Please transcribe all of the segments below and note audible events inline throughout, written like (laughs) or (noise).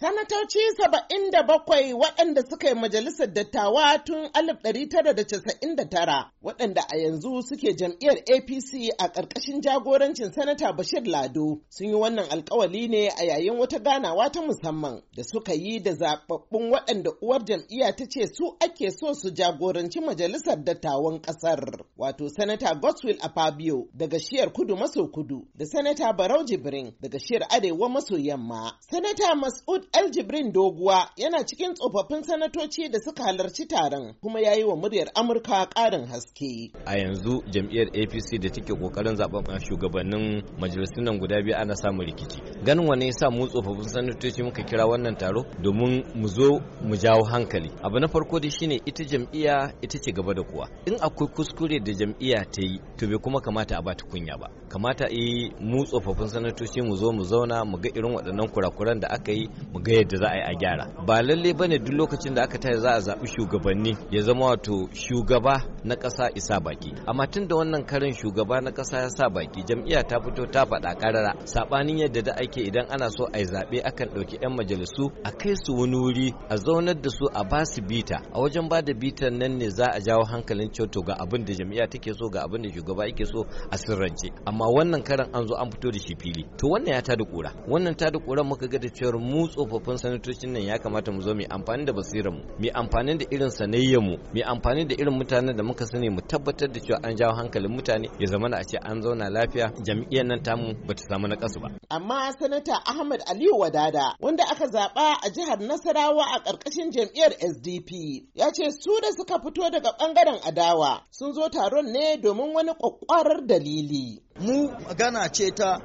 Sanatoci saba'in da bakwai waɗanda suka yi majalisar dattawa tun 1999 waɗanda a yanzu suke jam'iyyar APC a ƙarƙashin jagorancin Sanata Bashir Lado sun yi wannan alkawali ne a yayin wata ganawa ta musamman da suka yi da zaɓaɓɓun waɗanda uwar jam'iyya ta ce su ake so su jagoranci majalisar dattawan ƙasar. Wato Sanata Godswill Afabio daga shiyar kudu maso kudu da Sanata Barau Jibrin daga shiyar arewa maso yamma. Sanata Mas'ud Aljibrin Doguwa yana cikin tsofaffin sanatoci da suka halarci taron kuma ya yi wa muryar Amurka ƙarin haske. A yanzu jam'iyyar APC da take ƙoƙarin zaɓen shugabannin majalisun nan guda biyu ana samun rikici. ganin wani sa mu tsofaffin sanatoci muka kira wannan taro domin mu zo mu jawo hankali abu na farko da shine ita jam'iyya ita ce gaba da kuwa in akwai kuskure da jam'iyya ta yi to bai kuma kamata a bata kunya ba kamata yi mu tsofaffin sanatoci mu zo mu zauna mu ga irin waɗannan kurakuran da aka yi mu ga yadda za a yi a gyara ba lalle ne duk lokacin da aka tare za a zaɓi shugabanni ya zama wato shugaba na ƙasa isa baki amma tun da wannan karin shugaba na ƙasa ya sa baki jam'iyya ta fito ta faɗa ƙarara saɓanin yadda da ake idan ana so a yi zaɓe akan ɗauki 'yan majalisu a kai su wani wuri a zaunar da su a ba su bita a wajen ba da bitan nan ne za a jawo hankalin coto ga abin da jami'a take so ga abin da shugaba yake so a sirrance amma wannan karan an zo an fito da shi fili to wannan ya tada kura wannan tada kura muka ga da cewar mu tsofaffin sanatocin nan ya kamata mu zo mu amfani da basirar mu mu amfani da irin sanayyar mu mu amfani da irin mutanen da muka sani mu tabbatar da cewa an jawo hankalin mutane ya zama a ce an zauna lafiya jami'an nan tamu bata samu na kasu ba amma sanata Ahmad Aliyu Wadada wanda aka zaɓa a jihar Nasarawa a ƙarƙashin jam'iyyar SDP. Ya ce su da suka fito daga ɓangaren adawa sun zo taron ne domin wani ƙwaƙƙwarar dalili. mu magana ce ta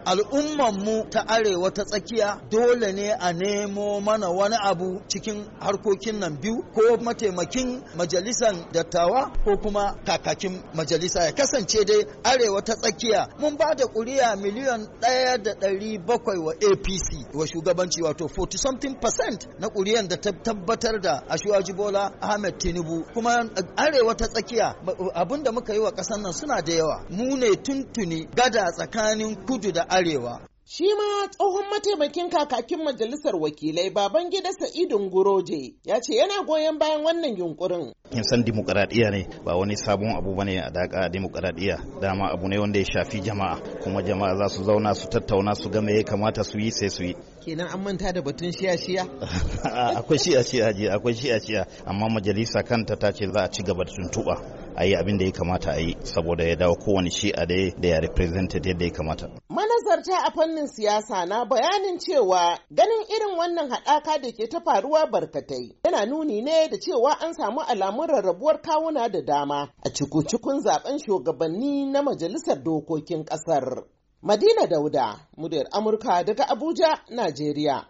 mu ta arewa ta tsakiya dole ne a nemo mana wani abu cikin harkokin nan biyu ko mataimakin majalisan dattawa ko kuma kakakin majalisa ya kasance dai arewa ta tsakiya mun ba da ƙuri'a miliyan ɗaya da ɗari bakwai wa apc wa shugabanci wato 40 something percent na kuriyan da ta tabbatar da ashuwaji bola ahmed tinubu kuma arewa ta tsakiya abinda muka yi wa ƙasar nan suna da yawa mu ne tuntuni gada tsakanin kudu da arewa. Shi ma tsohon mataimakin kakakin majalisar wakilai baban gida Sa'idun Guroje ya ce yana goyon bayan wannan yunkurin. Kin san dimokuraɗiyya ne ba wani sabon abu bane a daka dimokuraɗiyya dama abu ne wanda ya shafi jama'a kuma jama'a za su zauna su tattauna su game ya kamata su yi sai su yi. Kenan an manta da batun shiya shiya? (laughs) akwai shiya shiya akwai shiya shiya amma majalisa kanta ta ce za a ci gaba da tuntuɓa. a yi abin da ya kamata a yi saboda ya dawo kowane shi'a da ya represented yadda ya kamata. Manazarta a fannin siyasa na bayanin cewa ganin irin wannan haɗaka da ke ta faruwa barkatai yana nuni ne da cewa an samu alamun rarrabuwar kawuna da dama a cikin zaben shugabanni na majalisar dokokin ƙasar. Madina Dauda, muryar Amurka daga Abuja, Najeriya.